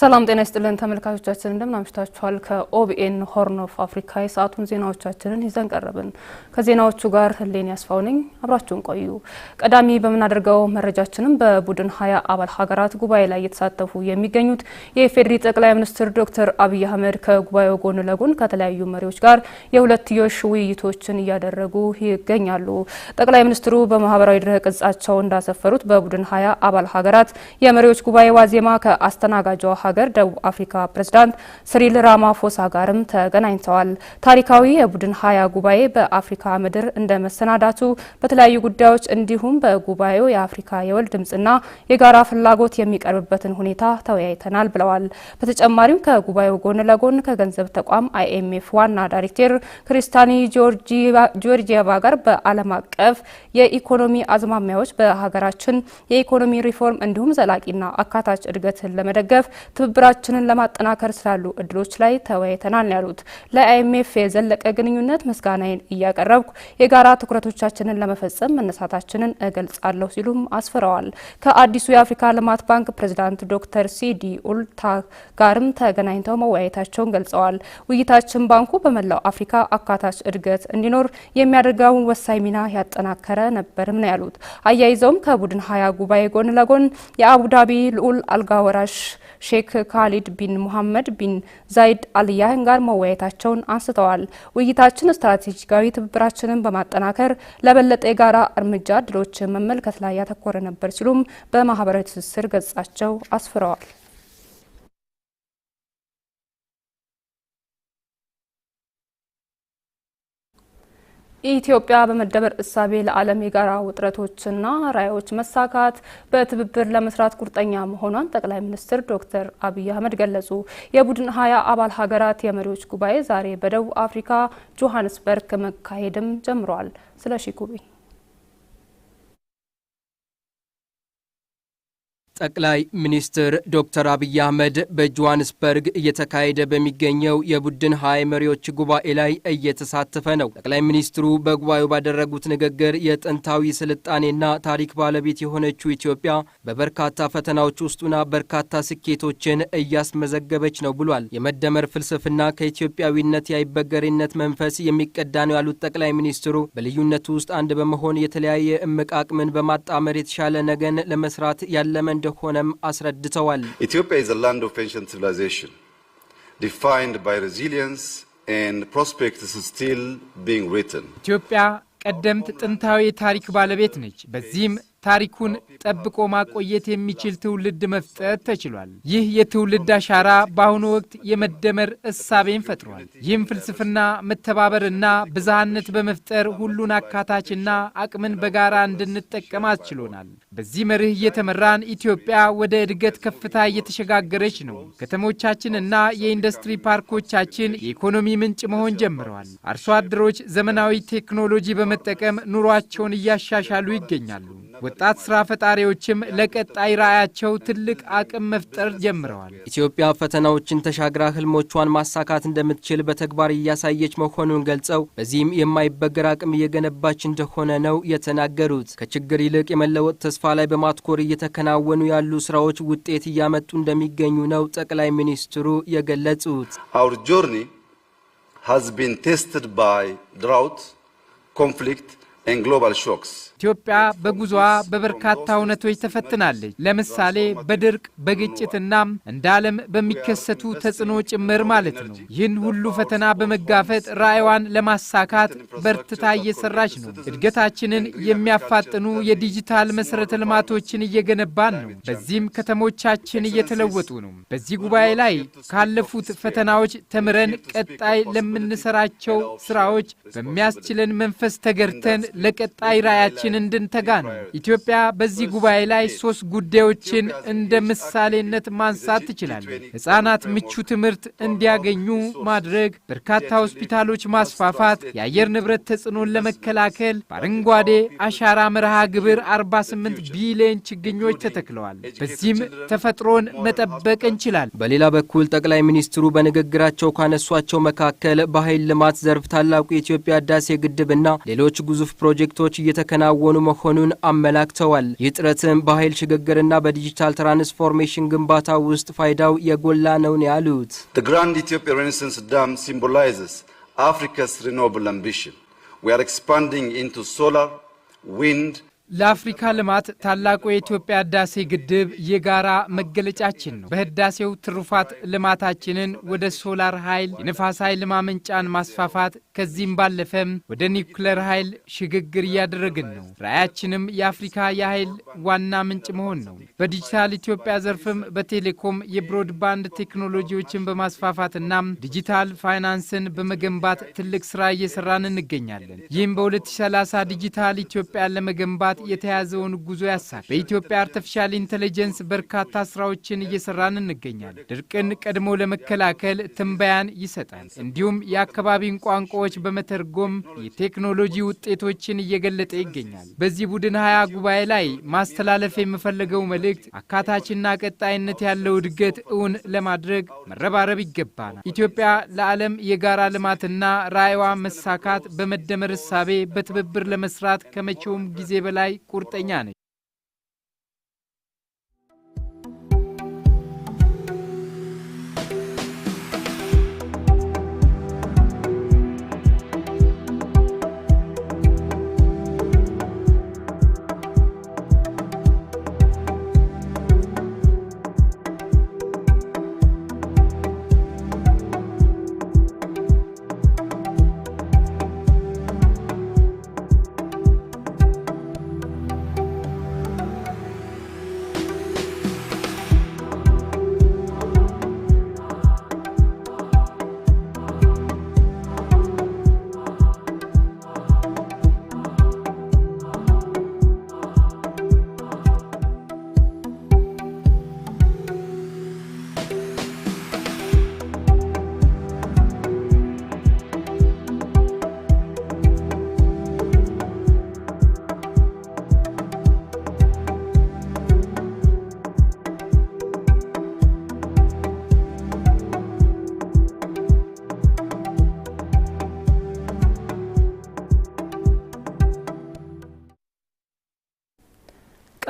ሰላም ጤና ይስጥልን ተመልካቾቻችን፣ እንደምን አምሽታችኋል። ከኦቢኤን ሆርን ኦፍ አፍሪካ የሰዓቱን ዜናዎቻችንን ይዘን ቀረብን። ከዜናዎቹ ጋር ህሌን ያስፋው ነኝ። አብራችሁን ቆዩ። ቀዳሚ በምናደርገው መረጃችንም በቡድን ሀያ አባል ሀገራት ጉባኤ ላይ እየተሳተፉ የሚገኙት የኢፌዴሪ ጠቅላይ ሚኒስትር ዶክተር አብይ አህመድ ከጉባኤው ጎን ለጎን ከተለያዩ መሪዎች ጋር የሁለትዮሽ ውይይቶችን እያደረጉ ይገኛሉ። ጠቅላይ ሚኒስትሩ በማህበራዊ ድረ ገጻቸው እንዳሰፈሩት በቡድን ሀያ አባል ሀገራት የመሪዎች ጉባኤ ዋዜማ ከአስተናጋጇ ሀገር ደቡብ አፍሪካ ፕሬዝዳንት ስሪል ራማፎሳ ጋርም ተገናኝተዋል። ታሪካዊ የቡድን ሀያ ጉባኤ በአፍሪካ ምድር እንደ መሰናዳቱ በተለያዩ ጉዳዮች እንዲሁም በጉባኤው የአፍሪካ የወል ድምፅና የጋራ ፍላጎት የሚቀርብበትን ሁኔታ ተወያይተናል ብለዋል። በተጨማሪም ከጉባኤው ጎን ለጎን ከገንዘብ ተቋም አይኤምኤፍ ዋና ዳይሬክተር ክሪስታኒ ጆርጂየቫ ጋር በዓለም አቀፍ የኢኮኖሚ አዝማሚያዎች በሀገራችን የኢኮኖሚ ሪፎርም እንዲሁም ዘላቂና አካታች እድገትን ለመደገፍ ትብብራችንን ለማጠናከር ስላሉ እድሎች ላይ ተወያይተናል ያሉት ለአይኤምኤፍ የዘለቀ ግንኙነት ምስጋናዬን እያቀረብኩ የጋራ ትኩረቶቻችንን ለመፈጸም መነሳታችንን እገልጻለሁ ሲሉም አስፍረዋል። ከአዲሱ የአፍሪካ ልማት ባንክ ፕሬዚዳንት ዶክተር ሲዲ ኡልታ ጋርም ተገናኝተው መወያየታቸውን ገልጸዋል። ውይይታችን ባንኩ በመላው አፍሪካ አካታች እድገት እንዲኖር የሚያደርገውን ወሳኝ ሚና ያጠናከረ ነበርም ነው ያሉት። አያይዘውም ከቡድን ሀያ ጉባኤ ጎን ለጎን የአቡዳቢ ልዑል አልጋ ወራሽ ሼክ ሼክ ካሊድ ቢን ሙሐመድ ቢን ዛይድ አልያህን ጋር መወያየታቸውን አንስተዋል። ውይይታችን ስትራቴጂካዊ ትብብራችንን በማጠናከር ለበለጠ የጋራ እርምጃ ድሎችን መመልከት ላይ ያተኮረ ነበር ሲሉም በማህበራዊ ትስስር ገጻቸው አስፍረዋል። ኢትዮጵያ በመደመር እሳቤ ለዓለም የጋራ ውጥረቶችና ራዕዮች መሳካት በትብብር ለመስራት ቁርጠኛ መሆኗን ጠቅላይ ሚኒስትር ዶክተር አብይ አህመድ ገለጹ። የቡድን ሀያ አባል ሀገራት የመሪዎች ጉባኤ ዛሬ በደቡብ አፍሪካ ጆሃንስበርግ መካሄድም ጀምሯል። ስለሺ ኩቢ ጠቅላይ ሚኒስትር ዶክተር አብይ አህመድ በጆሃንስበርግ እየተካሄደ በሚገኘው የቡድን ሀያ መሪዎች ጉባኤ ላይ እየተሳተፈ ነው። ጠቅላይ ሚኒስትሩ በጉባኤው ባደረጉት ንግግር የጥንታዊ ስልጣኔና ታሪክ ባለቤት የሆነችው ኢትዮጵያ በበርካታ ፈተናዎች ውስጡና በርካታ ስኬቶችን እያስመዘገበች ነው ብሏል። የመደመር ፍልስፍና ከኢትዮጵያዊነት የአይበገሬነት መንፈስ የሚቀዳ ነው ያሉት ጠቅላይ ሚኒስትሩ በልዩነት ውስጥ አንድ በመሆን የተለያየ እምቅ አቅምን በማጣመር የተሻለ ነገን ለመስራት ያለመ እንደሆነም አስረድተዋል። ኢትዮጵያ ኢዝ ኤ ላንድ ኦፍ ኤንሸንት ሲቪላይዜሽን ዲፋይንድ ባይ ሬዚሊየንስ ኤንድ ፕሮስፔክትስ ስቲል ቢንግ ሪትን ኢትዮጵያ ቀደምት ጥንታዊ የታሪክ ባለቤት ነች። በዚህም ታሪኩን ጠብቆ ማቆየት የሚችል ትውልድ መፍጠት ተችሏል። ይህ የትውልድ አሻራ በአሁኑ ወቅት የመደመር እሳቤን ፈጥሯል። ይህም ፍልስፍና መተባበርና ብዝሃነት በመፍጠር ሁሉን አካታችና አቅምን በጋራ እንድንጠቀም አስችሎናል። በዚህ መርህ እየተመራን ኢትዮጵያ ወደ እድገት ከፍታ እየተሸጋገረች ነው። ከተሞቻችንና የኢንዱስትሪ ፓርኮቻችን የኢኮኖሚ ምንጭ መሆን ጀምረዋል። አርሶ አደሮች ዘመናዊ ቴክኖሎጂ በመጠቀም ኑሯቸውን እያሻሻሉ ይገኛሉ። ወጣት ስራ ፈጣሪዎችም ለቀጣይ ራዕያቸው ትልቅ አቅም መፍጠር ጀምረዋል። ኢትዮጵያ ፈተናዎችን ተሻግራ ህልሞቿን ማሳካት እንደምትችል በተግባር እያሳየች መሆኑን ገልጸው በዚህም የማይበገር አቅም እየገነባች እንደሆነ ነው የተናገሩት። ከችግር ይልቅ የመለወጥ ተስፋ ላይ በማትኮር እየተከናወኑ ያሉ ስራዎች ውጤት እያመጡ እንደሚገኙ ነው ጠቅላይ ሚኒስትሩ የገለጹት። አውር ጆርኒ ሃዝ ቢን ቴስትድ ባይ ድራውት ኮንፍሊክት ኤንድ ግሎባል ሾክስ ኢትዮጵያ በጉዞዋ በበርካታ እውነቶች ተፈትናለች። ለምሳሌ በድርቅ በግጭትና እንደ ዓለም በሚከሰቱ ተጽዕኖ ጭምር ማለት ነው። ይህን ሁሉ ፈተና በመጋፈጥ ራዕይዋን ለማሳካት በርትታ እየሰራች ነው። እድገታችንን የሚያፋጥኑ የዲጂታል መሠረተ ልማቶችን እየገነባን ነው። በዚህም ከተሞቻችን እየተለወጡ ነው። በዚህ ጉባኤ ላይ ካለፉት ፈተናዎች ተምረን ቀጣይ ለምንሰራቸው ስራዎች በሚያስችለን መንፈስ ተገርተን ለቀጣይ ራዕያችን ችግሮችን እንድንተጋ ነው። ኢትዮጵያ በዚህ ጉባኤ ላይ ሶስት ጉዳዮችን እንደ ምሳሌነት ማንሳት ትችላለች። ሕፃናት ምቹ ትምህርት እንዲያገኙ ማድረግ፣ በርካታ ሆስፒታሎች ማስፋፋት፣ የአየር ንብረት ተጽዕኖን ለመከላከል በአረንጓዴ አሻራ መርሃ ግብር 48 ቢሊዮን ችግኞች ተተክለዋል። በዚህም ተፈጥሮን መጠበቅ እንችላለን። በሌላ በኩል ጠቅላይ ሚኒስትሩ በንግግራቸው ካነሷቸው መካከል በኃይል ልማት ዘርፍ ታላቁ የኢትዮጵያ ህዳሴ ግድብና ሌሎች ግዙፍ ፕሮጀክቶች እየተከናወ እየተከናወኑ መሆኑን አመላክተዋል። ይህ ጥረትም በኃይል ሽግግርና በዲጂታል ትራንስፎርሜሽን ግንባታ ውስጥ ፋይዳው የጎላ ነው ያሉት ዘ ግራንድ ኢትዮጵያ ሬኔሳንስ ዳም ሲምቦላይዘስ አፍሪካስ ሪኖብል አምቢሽን ዊ አር ኤክስፓንዲንግ ኢንቱ ሶላር ዊንድ ለአፍሪካ ልማት ታላቁ የኢትዮጵያ ህዳሴ ግድብ የጋራ መገለጫችን ነው። በህዳሴው ትሩፋት ልማታችንን ወደ ሶላር ኃይል፣ የንፋስ ኃይል ማመንጫን ማስፋፋት፣ ከዚህም ባለፈም ወደ ኒውክለር ኃይል ሽግግር እያደረግን ነው። ራዕያችንም የአፍሪካ የኃይል ዋና ምንጭ መሆን ነው። በዲጂታል ኢትዮጵያ ዘርፍም በቴሌኮም የብሮድባንድ ቴክኖሎጂዎችን በማስፋፋትና ዲጂታል ፋይናንስን በመገንባት ትልቅ ስራ እየሰራን እንገኛለን። ይህም በ2030 ዲጂታል ኢትዮጵያን ለመገንባት የተያዘውን ጉዞ ያሳል። በኢትዮጵያ አርቲፊሻል ኢንቴሊጀንስ በርካታ ስራዎችን እየሰራን እንገኛለን። ድርቅን ቀድሞ ለመከላከል ትንበያን ይሰጣል። እንዲሁም የአካባቢን ቋንቋዎች በመተርጎም የቴክኖሎጂ ውጤቶችን እየገለጠ ይገኛል። በዚህ ቡድን ሀያ ጉባኤ ላይ ማስተላለፍ የምፈልገው መልእክት አካታችና ቀጣይነት ያለው እድገት እውን ለማድረግ መረባረብ ይገባናል። ኢትዮጵያ ለዓለም የጋራ ልማትና ራዕይዋ መሳካት በመደመር እሳቤ በትብብር ለመስራት ከመቼውም ጊዜ በላይ ላይ ቁርጠኛ ነች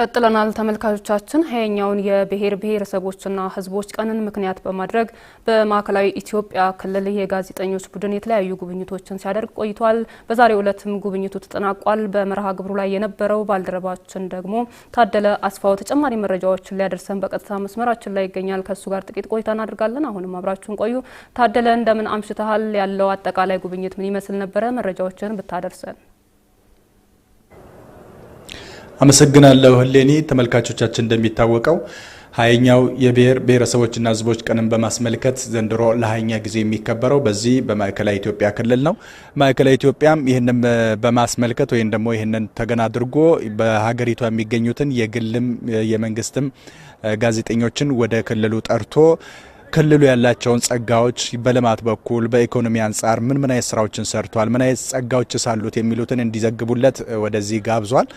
ቀጥለናል ተመልካቾቻችን። ሀያኛውን የብሔር ብሔረሰቦችና ሕዝቦች ቀንን ምክንያት በማድረግ በማዕከላዊ ኢትዮጵያ ክልል የጋዜጠኞች ቡድን የተለያዩ ጉብኝቶችን ሲያደርግ ቆይቷል። በዛሬው ዕለትም ጉብኝቱ ተጠናቋል። በመርሃ ግብሩ ላይ የነበረው ባልደረባችን ደግሞ ታደለ አስፋው ተጨማሪ መረጃዎችን ሊያደርሰን በቀጥታ መስመራችን ላይ ይገኛል። ከእሱ ጋር ጥቂት ቆይታ እናደርጋለን። አሁንም አብራችሁን ቆዩ። ታደለ፣ እንደምን አምሽተሃል? ያለው አጠቃላይ ጉብኝት ምን ይመስል ነበረ? መረጃዎችን ብታደርሰን አመሰግናለሁ ህሌኒ። ተመልካቾቻችን እንደሚታወቀው ሀያኛው የብሔር ብሔረሰቦችና ህዝቦች ቀንን በማስመልከት ዘንድሮ ለሀያኛ ጊዜ የሚከበረው በዚህ በማዕከላዊ ኢትዮጵያ ክልል ነው። ማዕከላዊ ኢትዮጵያም ይህንን በማስመልከት ወይም ደግሞ ይህንን ተገን አድርጎ በሀገሪቷ የሚገኙትን የግልም የመንግስትም ጋዜጠኞችን ወደ ክልሉ ጠርቶ ክልሉ ያላቸውን ጸጋዎች በልማት በኩል በኢኮኖሚ አንጻር ምን ምን አይነት ስራዎችን ሰርቷል፣ ምን አይነት ጸጋዎች ሳሉት የሚሉትን እንዲዘግቡለት ወደዚህ ጋብዟል።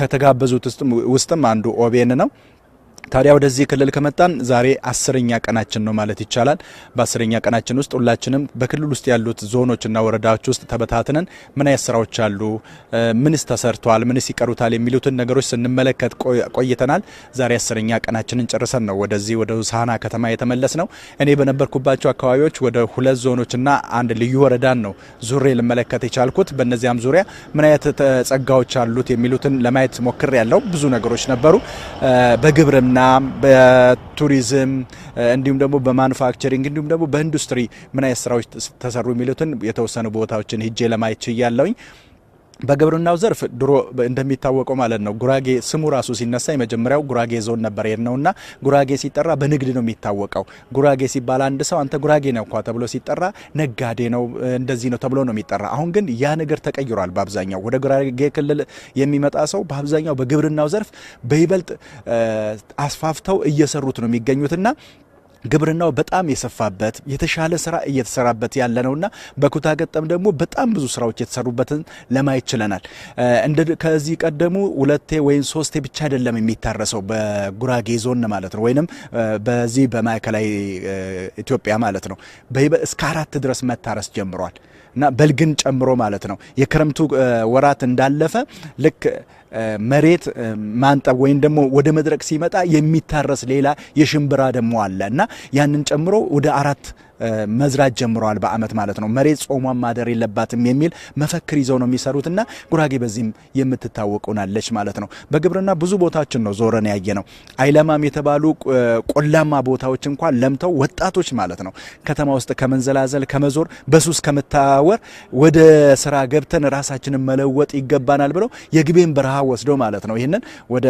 ከተጋበዙት ውስጥም አንዱ ኦቤን ነው። ታዲያ ወደዚህ ክልል ከመጣን ዛሬ አስረኛ ቀናችን ነው ማለት ይቻላል። በአስረኛ ቀናችን ውስጥ ሁላችንም በክልል ውስጥ ያሉት ዞኖችና ወረዳዎች ውስጥ ተበታትነን ምን አይነት ስራዎች አሉ፣ ምንስ ተሰርቷል፣ ምንስ ይቀሩታል የሚሉትን ነገሮች ስንመለከት ቆይተናል። ዛሬ አስረኛ ቀናችንን ጨርሰን ነው ወደዚህ ወደ ሳና ከተማ የተመለስ ነው። እኔ በነበርኩባቸው አካባቢዎች ወደ ሁለት ዞኖችና አንድ ልዩ ወረዳን ነው ዙሬ ልመለከት የቻልኩት። በእነዚያም ዙሪያ ምን አይነት ጸጋዎች አሉት የሚሉትን ለማየት ሞክር ያለው ብዙ ነገሮች ነበሩ በግብርና እና በቱሪዝም እንዲሁም ደግሞ በማኑፋክቸሪንግ እንዲሁም ደግሞ በኢንዱስትሪ ምን አይነት ስራዎች ተሰሩ የሚሉትን የተወሰኑ ቦታዎችን ሄጄ ለማየት ችያለውኝ። በግብርናው ዘርፍ ድሮ እንደሚታወቀው ማለት ነው ጉራጌ ስሙ ራሱ ሲነሳ የመጀመሪያው ጉራጌ ዞን ነበር የነውና ጉራጌ ሲጠራ በንግድ ነው የሚታወቀው። ጉራጌ ሲባል አንድ ሰው አንተ ጉራጌ ነው እንኳ ተብሎ ሲጠራ ነጋዴ ነው እንደዚህ ነው ተብሎ ነው የሚጠራ። አሁን ግን ያ ነገር ተቀይሯል። በአብዛኛው ወደ ጉራጌ ክልል የሚመጣ ሰው በአብዛኛው በግብርናው ዘርፍ በይበልጥ አስፋፍተው እየሰሩት ነው የሚገኙትና ግብርናው በጣም የሰፋበት የተሻለ ስራ እየተሰራበት ያለ ነውና በኩታ ገጠም ደግሞ በጣም ብዙ ስራዎች የተሰሩበትን ለማየት ችለናል። ከዚህ ቀደሙ ሁለቴ ወይም ሶስቴ ብቻ አይደለም የሚታረሰው በጉራጌ ዞን ማለት ነው፣ ወይም በዚህ በማዕከላዊ ኢትዮጵያ ማለት ነው። እስከ አራት ድረስ መታረስ ጀምሯል እና በልግን ጨምሮ ማለት ነው የክረምቱ ወራት እንዳለፈ ልክ መሬት ማንጠብ ወይም ደግሞ ወደ መድረቅ ሲመጣ የሚታረስ ሌላ የሽምብራ ደግሞ አለ እና ያንን ጨምሮ ወደ አራት መዝራት ጀምረዋል በአመት ማለት ነው። መሬት ጾሟን ማደር የለባትም የሚል መፈክር ይዘው ነው የሚሰሩት እና ጉራጌ በዚህም የምትታወቅ ሆናለች ማለት ነው። በግብርና ብዙ ቦታዎችን ነው ዞረን ያየ ነው። አይለማም የተባሉ ቆላማ ቦታዎች እንኳን ለምተው ወጣቶች ማለት ነው ከተማ ውስጥ ከመንዘላዘል ከመዞር በሱስ ከመታወር ወደ ስራ ገብተን ራሳችንን መለወጥ ይገባናል ብለው የግቤን በረሃ ወስደው ማለት ነው ይህንን ወደ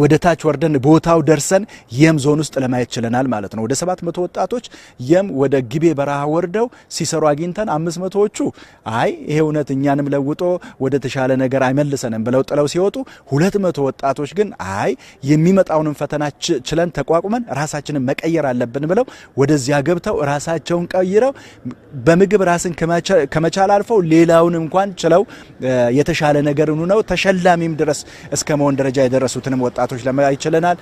ወደ ታች ወርደን ቦታው ደርሰን የም ዞን ውስጥ ለማየት ችለናል ማለት ነው። ወደ 700 ወጣቶች የም ወደ ግቤ በረሃ ወርደው ሲሰሩ አግኝተን 500ዎቹ አይ ይሄ እውነት እኛንም ለውጦ ወደ ተሻለ ነገር አይመልሰንም ብለው ጥለው ሲወጡ፣ 200 ወጣቶች ግን አይ የሚመጣውንም ፈተና ችለን ተቋቁመን ራሳችንን መቀየር አለብን ብለው ወደዚያ ገብተው ራሳቸውን ቀይረው በምግብ ራስን ከመቻል አልፈው ሌላውን እንኳን ችለው የተሻለ ነገር ነው ተሸላሚም ድረስ እስከ መሆን ደረጃ የደረሱትን የዓለም ወጣቶች ለማየት ይችለናል።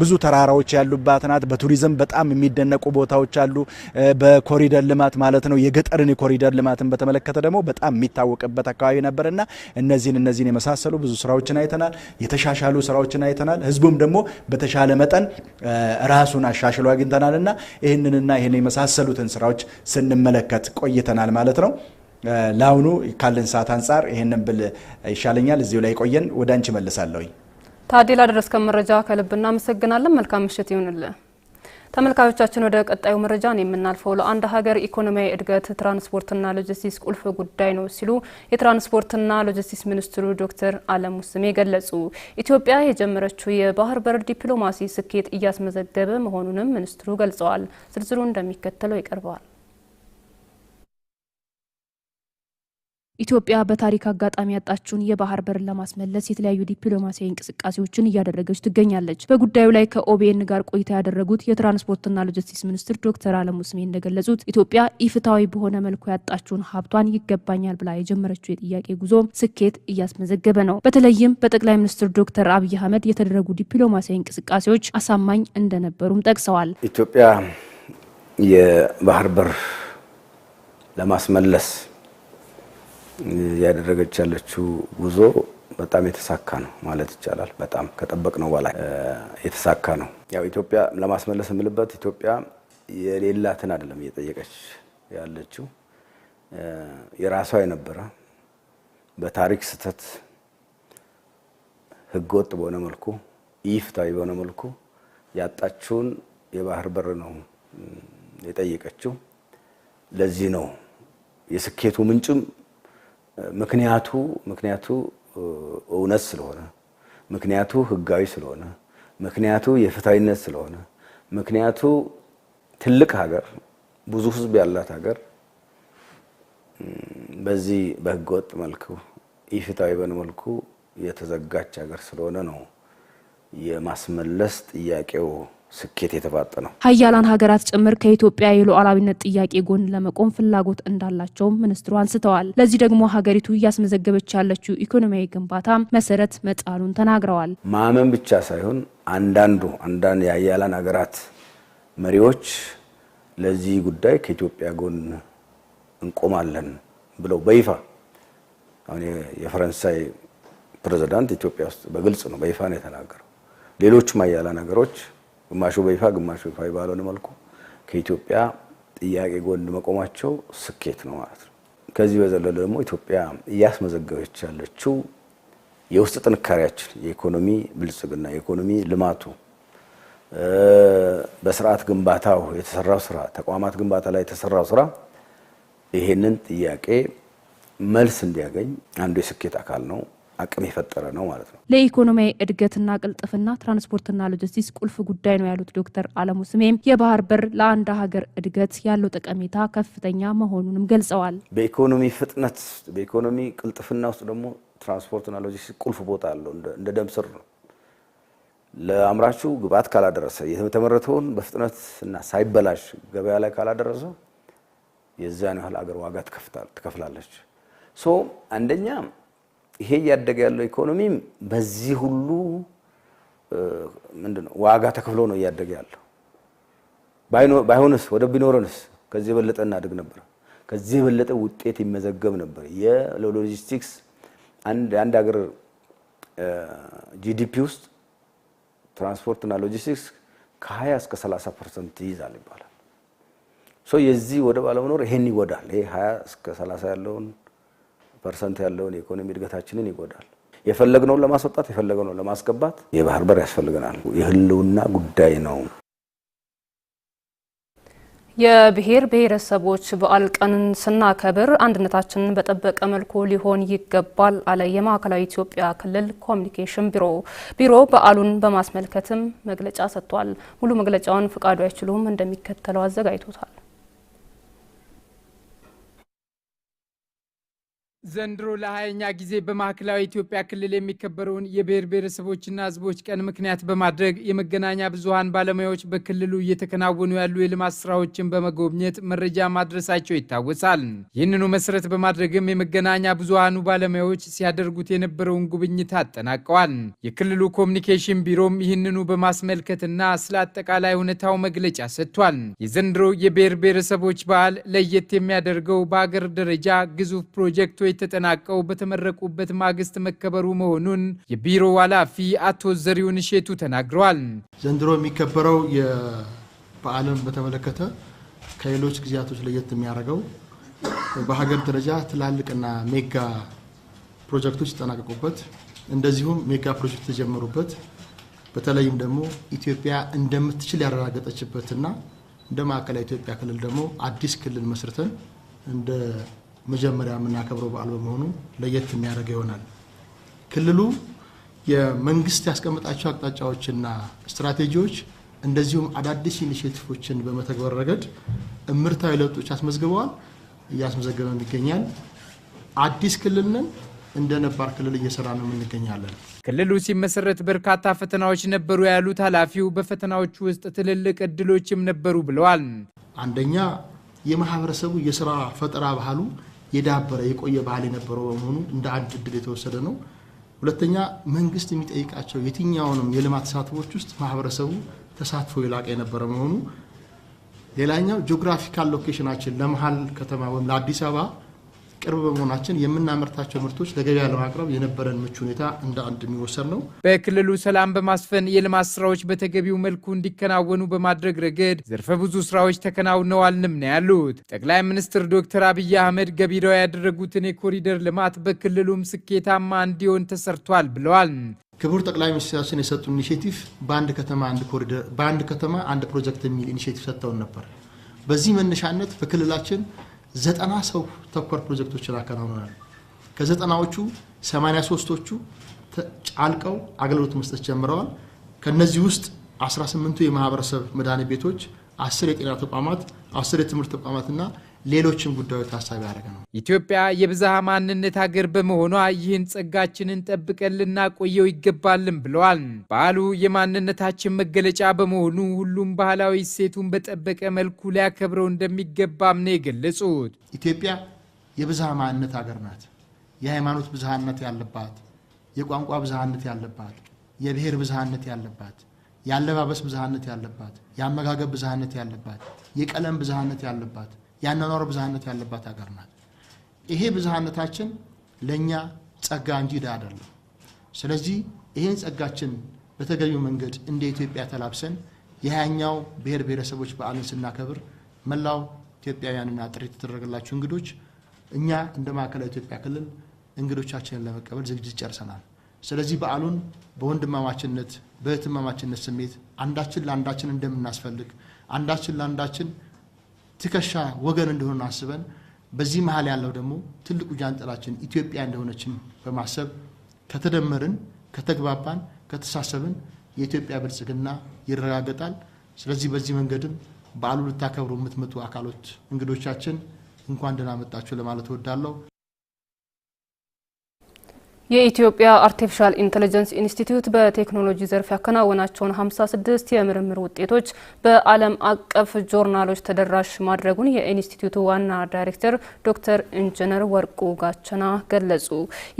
ብዙ ተራራዎች ያሉባት ናት። በቱሪዝም በጣም የሚደነቁ ቦታዎች አሉ። በኮሪደር ልማት ማለት ነው። የገጠርን የኮሪደር ልማትን በተመለከተ ደግሞ በጣም የሚታወቅበት አካባቢ ነበርና እነዚህን እነዚህን የመሳሰሉ ብዙ ስራዎችን አይተናል። የተሻሻሉ ስራዎችን አይተናል። ህዝቡም ደግሞ በተሻለ መጠን ራሱን አሻሽሎ አግኝተናል እና ይህንንና ይህን የመሳሰሉትን ስራዎች ስንመለከት ቆይተናል ማለት ነው። ለአሁኑ ካለን ሰዓት አንጻር ይህንን ብል ይሻለኛል። እዚሁ ላይ ቆየን። ወደ አንቺ መልሳለሁኝ። ታዲላ ላደረስከን መረጃ ከልብ እናመሰግናለን። መልካም ምሽት ይሁንልህ። ተመልካቾቻችን ወደ ቀጣዩ መረጃ ነው የምናልፈው። ለአንድ ሀገር ኢኮኖሚያዊ እድገት ትራንስፖርትና ሎጂስቲክስ ቁልፍ ጉዳይ ነው ሲሉ የትራንስፖርትና ሎጂስቲክስ ሚኒስትሩ ዶክተር አለሙ ስሜ ገለጹ። ኢትዮጵያ የጀመረችው የባህር በር ዲፕሎማሲ ስኬት እያስመዘገበ መሆኑንም ሚኒስትሩ ገልጸዋል። ዝርዝሩ እንደሚከተለው ይቀርበዋል። ኢትዮጵያ በታሪክ አጋጣሚ ያጣችውን የባህር በር ለማስመለስ የተለያዩ ዲፕሎማሲያዊ እንቅስቃሴዎችን እያደረገች ትገኛለች። በጉዳዩ ላይ ከኦቤን ጋር ቆይታ ያደረጉት የትራንስፖርትና ሎጂስቲክስ ሚኒስትር ዶክተር አለሙ ስሜ እንደገለጹት ኢትዮጵያ ኢፍታዊ በሆነ መልኩ ያጣችውን ሀብቷን ይገባኛል ብላ የጀመረችው የጥያቄ ጉዞም ስኬት እያስመዘገበ ነው። በተለይም በጠቅላይ ሚኒስትር ዶክተር አብይ አህመድ የተደረጉ ዲፕሎማሲያዊ እንቅስቃሴዎች አሳማኝ እንደነበሩም ጠቅሰዋል። ኢትዮጵያ የባህር በር ለማስመለስ ያደረገች ያለችው ጉዞ በጣም የተሳካ ነው ማለት ይቻላል። በጣም ከጠበቅነው በላይ የተሳካ ነው። ያው ኢትዮጵያ ለማስመለስ የምልበት ኢትዮጵያ የሌላትን አይደለም እየጠየቀች ያለችው የራሷ የነበረ በታሪክ ስህተት ህገወጥ በሆነ መልኩ ኢፍትሐዊ በሆነ መልኩ ያጣችውን የባህር በር ነው የጠየቀችው። ለዚህ ነው የስኬቱ ምንጭም ምክንያቱ ምክንያቱ እውነት ስለሆነ ምክንያቱ ህጋዊ ስለሆነ ምክንያቱ የፍትሃዊነት ስለሆነ ምክንያቱ ትልቅ ሀገር ብዙ ህዝብ ያላት ሀገር በዚህ በህገወጥ መልኩ ኢፍትሃዊ በሆነ መልኩ የተዘጋች ሀገር ስለሆነ ነው የማስመለስ ጥያቄው ስኬት የተባጠ ነው። ሀያላን ሀገራት ጭምር ከኢትዮጵያ የሉዓላዊነት ጥያቄ ጎን ለመቆም ፍላጎት እንዳላቸውም ሚኒስትሩ አንስተዋል። ለዚህ ደግሞ ሀገሪቱ እያስመዘገበች ያለችው ኢኮኖሚያዊ ግንባታ መሰረት መጣሉን ተናግረዋል። ማመን ብቻ ሳይሆን አንዳንዱ አንዳንድ የሀያላን ሀገራት መሪዎች ለዚህ ጉዳይ ከኢትዮጵያ ጎን እንቆማለን ብለው በይፋ አሁን የፈረንሳይ ፕሬዝዳንት ኢትዮጵያ ውስጥ በግልጽ ነው በይፋ ነው የተናገረው። ሌሎችም ሀያላን ሀገሮች ግማሹ በይፋ ግማሹ ይፋ ባልሆነ መልኩ ከኢትዮጵያ ጥያቄ ጎን መቆማቸው ስኬት ነው ማለት ነው። ከዚህ በዘለለ ደግሞ ኢትዮጵያ እያስመዘገበች ያለችው የውስጥ ጥንካሬያችን የኢኮኖሚ ብልጽግና የኢኮኖሚ ልማቱ በስርዓት ግንባታው የተሰራው ስራ ተቋማት ግንባታ ላይ የተሰራው ስራ ይሄንን ጥያቄ መልስ እንዲያገኝ አንዱ የስኬት አካል ነው። አቅም የፈጠረ ነው ማለት ነው። ለኢኮኖሚያዊ እድገትና ቅልጥፍና ትራንስፖርትና ሎጂስቲክስ ቁልፍ ጉዳይ ነው ያሉት ዶክተር አለሙ ስሜም የባህር በር ለአንድ ሀገር እድገት ያለው ጠቀሜታ ከፍተኛ መሆኑንም ገልጸዋል። በኢኮኖሚ ፍጥነት፣ በኢኮኖሚ ቅልጥፍና ውስጥ ደግሞ ትራንስፖርትና ሎጂስቲክስ ቁልፍ ቦታ አለው። እንደ ደም ስር ነው። ለአምራቹ ግብአት ካላደረሰ የተመረተውን እና ሳይበላሽ ገበያ ላይ ካላደረሰ የዚያን ያህል አገር ዋጋ ትከፍላለች። ሶ አንደኛ ይሄ እያደገ ያለው ኢኮኖሚም በዚህ ሁሉ ምንድን ነው ዋጋ ተከፍሎ ነው እያደገ ያለው። ባይሆንስ ወደ ቢኖረንስ ከዚህ የበለጠ እናድግ ነበር፣ ከዚህ የበለጠ ውጤት ይመዘገብ ነበር። የሎጂስቲክስ አንድ ሀገር ጂዲፒ ውስጥ ትራንስፖርትና ሎጂስቲክስ ከ20 እስከ 30 ፐርሰንት ይይዛል ይባላል። የዚህ ወደብ አለመኖር ይሄን ይጎዳል። ይሄ 20 እስከ 30 ያለውን ፐርሰንት ያለውን የኢኮኖሚ እድገታችንን ይጎዳል። የፈለግነውን ለማስወጣት የፈለግነውን ለማስገባት የባህር በር ያስፈልገናል። የህልውና ጉዳይ ነው። የብሔር ብሔረሰቦች በዓል ቀንን ስናከብር አንድነታችንን በጠበቀ መልኩ ሊሆን ይገባል አለ የማዕከላዊ ኢትዮጵያ ክልል ኮሚኒኬሽን ቢሮ። ቢሮ በዓሉን በማስመልከትም መግለጫ ሰጥቷል። ሙሉ መግለጫውን ፍቃዱ አይችሉም እንደሚከተለው አዘጋጅቶታል። ዘንድሮ ለሀያኛ ጊዜ በማዕከላዊ ኢትዮጵያ ክልል የሚከበረውን የብሔር ብሔረሰቦችና ሕዝቦች ቀን ምክንያት በማድረግ የመገናኛ ብዙሃን ባለሙያዎች በክልሉ እየተከናወኑ ያሉ የልማት ስራዎችን በመጎብኘት መረጃ ማድረሳቸው ይታወሳል። ይህንኑ መሰረት በማድረግም የመገናኛ ብዙሃኑ ባለሙያዎች ሲያደርጉት የነበረውን ጉብኝት አጠናቀዋል። የክልሉ ኮሚኒኬሽን ቢሮም ይህንኑ በማስመልከትና ስለ አጠቃላይ ሁኔታው መግለጫ ሰጥቷል። የዘንድሮ የብሔር ብሔረሰቦች በዓል ለየት የሚያደርገው በአገር ደረጃ ግዙፍ ፕሮጀክቶ ጥናቶች ተጠናቀው በተመረቁበት ማግስት መከበሩ መሆኑን የቢሮው ኃላፊ አቶ ዘሪሁን ሼቱ ተናግረዋል። ዘንድሮ የሚከበረው በዓለም በተመለከተ ከሌሎች ጊዜያቶች ለየት የሚያደርገው በሀገር ደረጃ ትላልቅና ሜጋ ፕሮጀክቶች ይጠናቀቁበት እንደዚሁም ሜጋ ፕሮጀክት የተጀመሩበት በተለይም ደግሞ ኢትዮጵያ እንደምትችል ያረጋገጠችበትና እንደ ማዕከላዊ ኢትዮጵያ ክልል ደግሞ አዲስ ክልል መስርተን እንደ መጀመሪያ የምናከብረው በዓል በመሆኑ ለየት የሚያደርገው ይሆናል። ክልሉ የመንግስት ያስቀመጣቸው አቅጣጫዎችና ስትራቴጂዎች እንደዚሁም አዳዲስ ኢኒሼቲቮችን በመተግበር ረገድ እምርታዊ ለውጦች አስመዝግበዋል፣ እያስመዘገበም ይገኛል። አዲስ ክልል ነን። እንደ ነባር ክልል እየሰራ ነው እንገኛለን። ክልሉ ሲመሰረት በርካታ ፈተናዎች ነበሩ ያሉት ኃላፊው በፈተናዎቹ ውስጥ ትልልቅ እድሎችም ነበሩ ብለዋል። አንደኛ የማህበረሰቡ የስራ ፈጠራ ባህሉ የዳበረ የቆየ ባህል የነበረው በመሆኑ እንደ አንድ እድል የተወሰደ ነው። ሁለተኛ መንግስት የሚጠይቃቸው የትኛውንም የልማት ተሳትፎች ውስጥ ማህበረሰቡ ተሳትፎ የላቀ የነበረ መሆኑ፣ ሌላኛው ጂኦግራፊካል ሎኬሽናችን ለመሀል ከተማ ወይም ለአዲስ አበባ ቅርብ በመሆናችን የምናመርታቸው ምርቶች ለገበያ ለማቅረብ የነበረን ምቹ ሁኔታ እንደ አንድ የሚወሰድ ነው። በክልሉ ሰላም በማስፈን የልማት ስራዎች በተገቢው መልኩ እንዲከናወኑ በማድረግ ረገድ ዘርፈ ብዙ ስራዎች ተከናውነዋልንም ነው ያሉት ጠቅላይ ሚኒስትር ዶክተር አብይ አህመድ ገቢራዊ ያደረጉትን የኮሪደር ልማት በክልሉም ስኬታማ እንዲሆን ተሰርቷል ብለዋል። ክቡር ጠቅላይ ሚኒስትራችን የሰጡ ኢኒሽቲቭ በአንድ ከተማ አንድ ኮሪደር፣ በአንድ ከተማ አንድ ፕሮጀክት የሚል ኢኒሽቲቭ ሰጥተውን ነበር። በዚህ መነሻነት በክልላችን ዘጠና ሰው ተኮር ፕሮጀክቶችን አከናውነናል። ከዘጠናዎቹ 83ቶቹ ጫልቀው አገልግሎት መስጠት ጀምረዋል። ከነዚህ ውስጥ 18ቱ የማህበረሰብ መድኃኒት ቤቶች፣ አስር የጤና ተቋማት፣ አስር የትምህርት ተቋማትና ሌሎችም ጉዳዮች ታሳቢ ያደረገ ነው። ኢትዮጵያ የብዝሃ ማንነት ሀገር በመሆኗ ይህን ጸጋችንን ጠብቀን ልናቆየው ይገባልን ብለዋል። በዓሉ የማንነታችን መገለጫ በመሆኑ ሁሉም ባህላዊ እሴቱን በጠበቀ መልኩ ሊያከብረው እንደሚገባም ነው የገለጹት። ኢትዮጵያ የብዝሃ ማንነት ሀገር ናት። የሃይማኖት ብዝሃነት ያለባት፣ የቋንቋ ብዝሃነት ያለባት፣ የብሔር ብዝሃነት ያለባት የአለባበስ ብዝሃነት ያለባት፣ የአመጋገብ ብዝሃነት ያለባት፣ የቀለም ብዝሃነት ያለባት ያኗኗር ብዝሃነት ያለባት ሀገር ናት። ይሄ ብዝሃነታችን ለእኛ ጸጋ እንጂ ዳ አደለም ስለዚህ ይሄን ጸጋችን በተገቢው መንገድ እንደ ኢትዮጵያ ተላብሰን የሀያኛው ብሔር ብሔረሰቦች በአለን ስናከብር መላው ኢትዮጵያውያንና ጥሪ የተደረገላቸው እንግዶች እኛ እንደ ማዕከላዊ ኢትዮጵያ ክልል እንግዶቻችንን ለመቀበል ዝግጅት ጨርሰናል። ስለዚህ በዓሉን በወንድማማችነት በእህትማማችነት ስሜት አንዳችን ለአንዳችን እንደምናስፈልግ አንዳችን ለአንዳችን ትከሻ ወገን እንደሆነ አስበን በዚህ መሀል ያለው ደግሞ ትልቁ ጃንጥላችን ኢትዮጵያ እንደሆነችን በማሰብ ከተደመርን፣ ከተግባባን፣ ከተሳሰብን የኢትዮጵያ ብልጽግና ይረጋገጣል። ስለዚህ በዚህ መንገድም በዓሉ ልታከብሩ የምትመጡ አካሎች እንግዶቻችን እንኳን ደህና መጣችሁ ለማለት እወዳለሁ። የኢትዮጵያ አርቲፊሻል ኢንተለጀንስ ኢንስቲትዩት በቴክኖሎጂ ዘርፍ ያከናወናቸውን 56 የምርምር ውጤቶች በዓለም አቀፍ ጆርናሎች ተደራሽ ማድረጉን የኢንስቲትዩቱ ዋና ዳይሬክተር ዶክተር ኢንጂነር ወርቁ ጋቸና ገለጹ።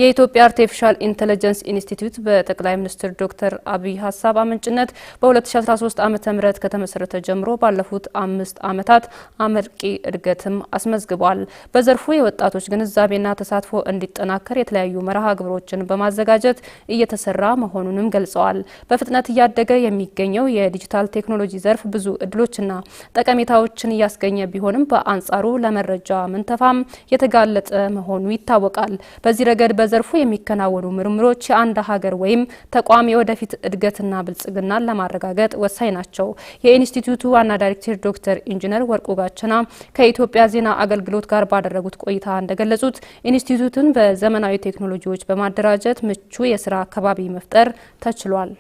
የኢትዮጵያ አርቲፊሻል ኢንተለጀንስ ኢንስቲትዩት በጠቅላይ ሚኒስትር ዶክተር አብይ ሀሳብ አመንጭነት በ2013 ዓ ም ከተመሰረተ ጀምሮ ባለፉት አምስት ዓመታት አመርቂ እድገትም አስመዝግቧል። በዘርፉ የወጣቶች ግንዛቤና ተሳትፎ እንዲጠናከር የተለያዩ መርሃ ግብሮች መድረኮችን በማዘጋጀት እየተሰራ መሆኑንም ገልጸዋል። በፍጥነት እያደገ የሚገኘው የዲጂታል ቴክኖሎጂ ዘርፍ ብዙ እድሎችና ጠቀሜታዎችን እያስገኘ ቢሆንም በአንጻሩ ለመረጃ ምንተፋም የተጋለጠ መሆኑ ይታወቃል። በዚህ ረገድ በዘርፉ የሚከናወኑ ምርምሮች የአንድ ሀገር ወይም ተቋም የወደፊት እድገትና ብልጽግናን ለማረጋገጥ ወሳኝ ናቸው። የኢንስቲትዩቱ ዋና ዳይሬክተር ዶክተር ኢንጂነር ወርቁ ጋቸና ከኢትዮጵያ ዜና አገልግሎት ጋር ባደረጉት ቆይታ እንደገለጹት ኢንስቲትዩቱን በዘመናዊ ቴክኖሎጂዎች በማ በማደራጀት ምቹ የስራ አካባቢ መፍጠር ተችሏል።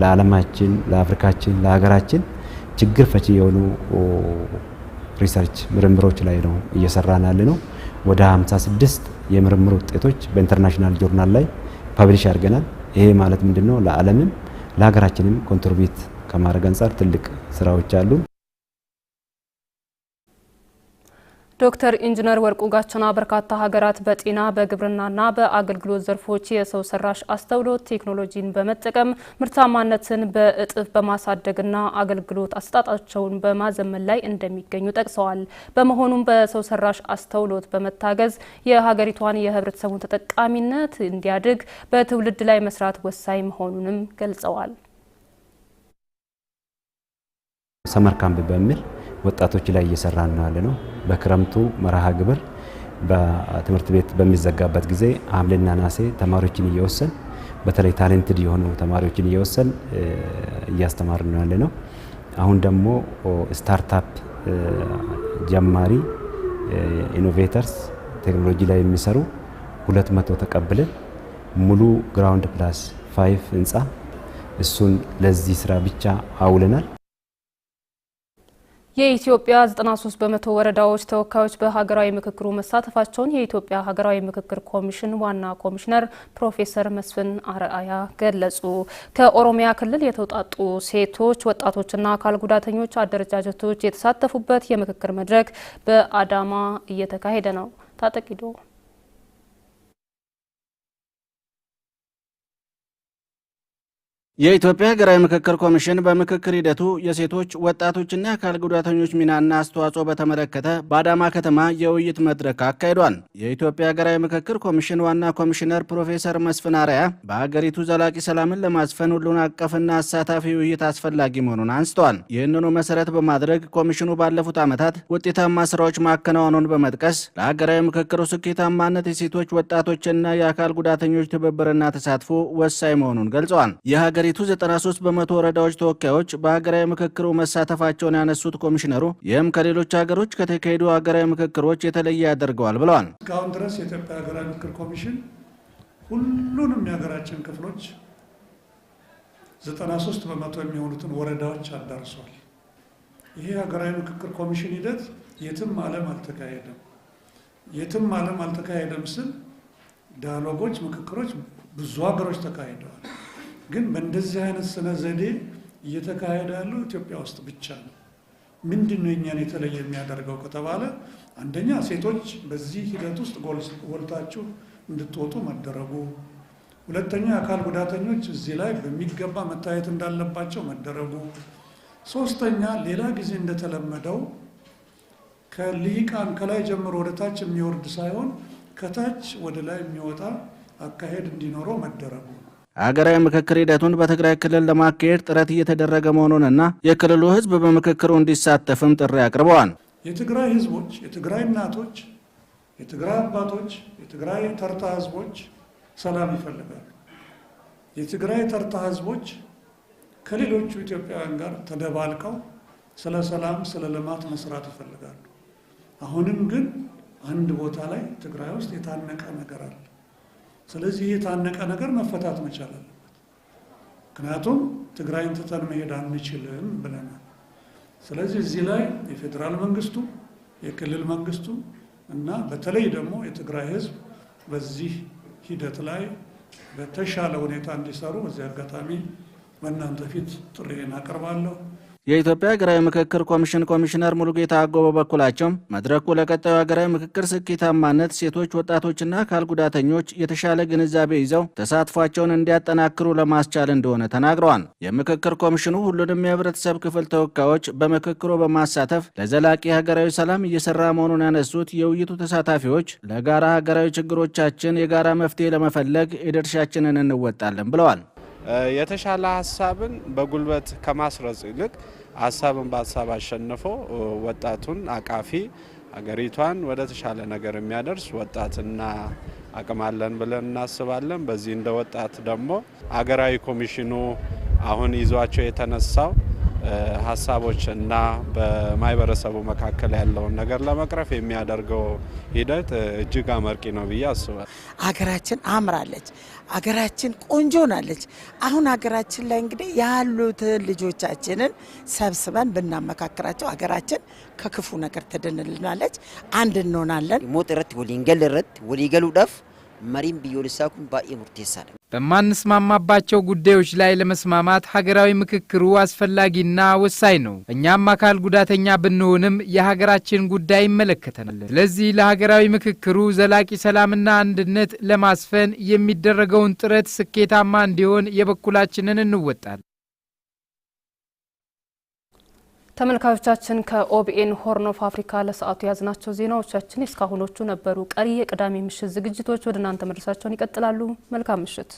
ለዓለማችን፣ ለአፍሪካችን፣ ለሀገራችን ችግር ፈቺ የሆኑ ሪሰርች ምርምሮች ላይ ነው እየሰራን ያለ ነው። ወደ 56 የምርምር ውጤቶች በኢንተርናሽናል ጆርናል ላይ ፐብሊሽ አድርገናል። ይሄ ማለት ምንድን ነው? ለዓለምም ለሀገራችንም ኮንትሪቢዩት ከማድረግ አንጻር ትልቅ ስራዎች አሉ። ዶክተር ኢንጂነር ወርቁ ጋቸና በርካታ ሀገራት በጤና በግብርናና በአገልግሎት ዘርፎች የሰው ሰራሽ አስተውሎት ቴክኖሎጂን በመጠቀም ምርታማነትን በእጥፍ በማሳደግና አገልግሎት አሰጣጣቸውን በማዘመን ላይ እንደሚገኙ ጠቅሰዋል። በመሆኑም በሰው ሰራሽ አስተውሎት በመታገዝ የሀገሪቷን የህብረተሰቡን ተጠቃሚነት እንዲያድግ በትውልድ ላይ መስራት ወሳኝ መሆኑንም ገልጸዋል። ሰመር ካምፕ በሚል ወጣቶች ላይ እየሰራ ነው ያለ ነው። በክረምቱ መርሃ ግብር በትምህርት ቤት በሚዘጋበት ጊዜ ሐምሌና ናሴ ተማሪዎችን እየወሰን በተለይ ታሌንትድ የሆኑ ተማሪዎችን እየወሰን እያስተማር ነው ያለ ነው። አሁን ደግሞ ስታርታፕ ጀማሪ ኢኖቬተርስ ቴክኖሎጂ ላይ የሚሰሩ ሁለት መቶ ተቀብለን ሙሉ ግራውንድ ፕላስ ፋይቭ ህንፃ እሱን ለዚህ ስራ ብቻ አውለናል። የኢትዮጵያ 93 በመቶ ወረዳዎች ተወካዮች በሀገራዊ ምክክሩ መሳተፋቸውን የኢትዮጵያ ሀገራዊ ምክክር ኮሚሽን ዋና ኮሚሽነር ፕሮፌሰር መስፍን አርአያ ገለጹ። ከኦሮሚያ ክልል የተውጣጡ ሴቶች፣ ወጣቶችና አካል ጉዳተኞች አደረጃጀቶች የተሳተፉበት የምክክር መድረክ በአዳማ እየተካሄደ ነው። ታጠቂዶ የኢትዮጵያ ሀገራዊ ምክክር ኮሚሽን በምክክር ሂደቱ የሴቶች ወጣቶችና የአካል ጉዳተኞች ሚናና አስተዋጽኦ በተመለከተ በአዳማ ከተማ የውይይት መድረክ አካሂዷል። የኢትዮጵያ ሀገራዊ ምክክር ኮሚሽን ዋና ኮሚሽነር ፕሮፌሰር መስፍን አርአያ በሀገሪቱ ዘላቂ ሰላምን ለማስፈን ሁሉን አቀፍና አሳታፊ ውይይት አስፈላጊ መሆኑን አንስተዋል። ይህንኑ መሰረት በማድረግ ኮሚሽኑ ባለፉት ዓመታት ውጤታማ ስራዎች ማከናወኑን በመጥቀስ ለሀገራዊ ምክክሩ ስኬታማነት የሴቶች ወጣቶችና የአካል ጉዳተኞች ትብብርና ተሳትፎ ወሳኝ መሆኑን ገልጸዋል። የሀገሪቱ 93 በመቶ ወረዳዎች ተወካዮች በሀገራዊ ምክክሩ መሳተፋቸውን ያነሱት ኮሚሽነሩ ይህም ከሌሎች ሀገሮች ከተካሄዱ ሀገራዊ ምክክሮች የተለየ ያደርገዋል ብለዋል። እስካሁን ድረስ የኢትዮጵያ ሀገራዊ ምክክር ኮሚሽን ሁሉንም የሀገራችን ክፍሎች 93 በመቶ የሚሆኑትን ወረዳዎች አዳርሷል። ይሄ ሀገራዊ ምክክር ኮሚሽን ሂደት የትም ዓለም አልተካሄደም። የትም ዓለም አልተካሄደም ስል ዳያሎጎች፣ ምክክሮች ብዙ ሀገሮች ተካሂደዋል። ግን በእንደዚህ አይነት ስነ ዘዴ እየተካሄደ ያለው ኢትዮጵያ ውስጥ ብቻ ነው። ምንድን ነው እኛን የተለየ የሚያደርገው ከተባለ አንደኛ ሴቶች በዚህ ሂደት ውስጥ ጎልታችሁ እንድትወጡ መደረጉ፣ ሁለተኛ የአካል ጉዳተኞች እዚህ ላይ በሚገባ መታየት እንዳለባቸው መደረጉ፣ ሶስተኛ ሌላ ጊዜ እንደተለመደው ከልሂቃን ከላይ ጀምሮ ወደ ታች የሚወርድ ሳይሆን ከታች ወደ ላይ የሚወጣ አካሄድ እንዲኖረው መደረጉ አገራዊ ምክክር ሂደቱን በትግራይ ክልል ለማካሄድ ጥረት እየተደረገ መሆኑንና የክልሉ ህዝብ በምክክሩ እንዲሳተፍም ጥሪ አቅርበዋል። የትግራይ ህዝቦች፣ የትግራይ እናቶች፣ የትግራይ አባቶች፣ የትግራይ ተርታ ህዝቦች ሰላም ይፈልጋሉ። የትግራይ ተርታ ህዝቦች ከሌሎቹ ኢትዮጵያውያን ጋር ተደባልቀው ስለ ሰላም፣ ስለ ልማት መስራት ይፈልጋሉ። አሁንም ግን አንድ ቦታ ላይ ትግራይ ውስጥ የታነቀ ነገር አለ። ስለዚህ የታነቀ ነገር መፈታት መቻል አለበት። ምክንያቱም ትግራይን ትተን መሄድ አንችልም ብለናል። ስለዚህ እዚህ ላይ የፌዴራል መንግስቱ፣ የክልል መንግስቱ እና በተለይ ደግሞ የትግራይ ህዝብ በዚህ ሂደት ላይ በተሻለ ሁኔታ እንዲሰሩ በዚህ አጋጣሚ በእናንተ ፊት ጥሪዬን አቀርባለሁ። የኢትዮጵያ ሀገራዊ ምክክር ኮሚሽን ኮሚሽነር ሙሉጌታ አጎ በበኩላቸው መድረኩ ለቀጣዩ ሀገራዊ ምክክር ስኬታማነት ሴቶች፣ ወጣቶችና አካል ጉዳተኞች የተሻለ ግንዛቤ ይዘው ተሳትፏቸውን እንዲያጠናክሩ ለማስቻል እንደሆነ ተናግረዋል። የምክክር ኮሚሽኑ ሁሉንም የህብረተሰብ ክፍል ተወካዮች በምክክሩ በማሳተፍ ለዘላቂ ሀገራዊ ሰላም እየሰራ መሆኑን ያነሱት የውይይቱ ተሳታፊዎች ለጋራ ሀገራዊ ችግሮቻችን የጋራ መፍትሄ ለመፈለግ የድርሻችንን እንወጣለን ብለዋል። የተሻለ ሀሳብን በጉልበት ከማስረጽ ይልቅ ሀሳብን በሀሳብ አሸንፎ ወጣቱን አቃፊ አገሪቷን ወደ ተሻለ ነገር የሚያደርስ ወጣትና አቅም አለን ብለን እናስባለን። በዚህ እንደ ወጣት ደግሞ አገራዊ ኮሚሽኑ አሁን ይዟቸው የተነሳው ሀሳቦች እና በማህበረሰቡ መካከል ያለውን ነገር ለመቅረፍ የሚያደርገው ሂደት እጅግ አመርቂ ነው ብዬ አስባለሁ። አገራችን አምራለች። አገራችን ቆንጆ ናለች። አሁን አገራችን ላይ እንግዲህ ያሉትን ልጆቻችንን ሰብስበን ብናመካክራቸው አገራችን ከክፉ ነገር ትድንልናለች፣ አንድ እንሆናለን። ሞት ረት ወሊንገል ረት ወሊገሉ ደፍ መሪም ብዮልሳ ባኤ ሙርቴሳ በማንስማማባቸው ጉዳዮች ላይ ለመስማማት ሀገራዊ ምክክሩ አስፈላጊና ወሳኝ ነው። እኛም አካል ጉዳተኛ ብንሆንም የሀገራችን ጉዳይ ይመለከተናል። ስለዚህ ለሀገራዊ ምክክሩ ዘላቂ ሰላምና አንድነት ለማስፈን የሚደረገውን ጥረት ስኬታማ እንዲሆን የበኩላችንን እንወጣል። ተመልካቾቻችን ከኦቢኤን ሆርን ኦፍ አፍሪካ ለሰዓቱ የያዝናቸው ዜናዎቻችን እስካሁኖቹ ነበሩ። ቀሪ የቅዳሜ ምሽት ዝግጅቶች ወደ እናንተ መድረሳቸውን ይቀጥላሉ። መልካም ምሽት።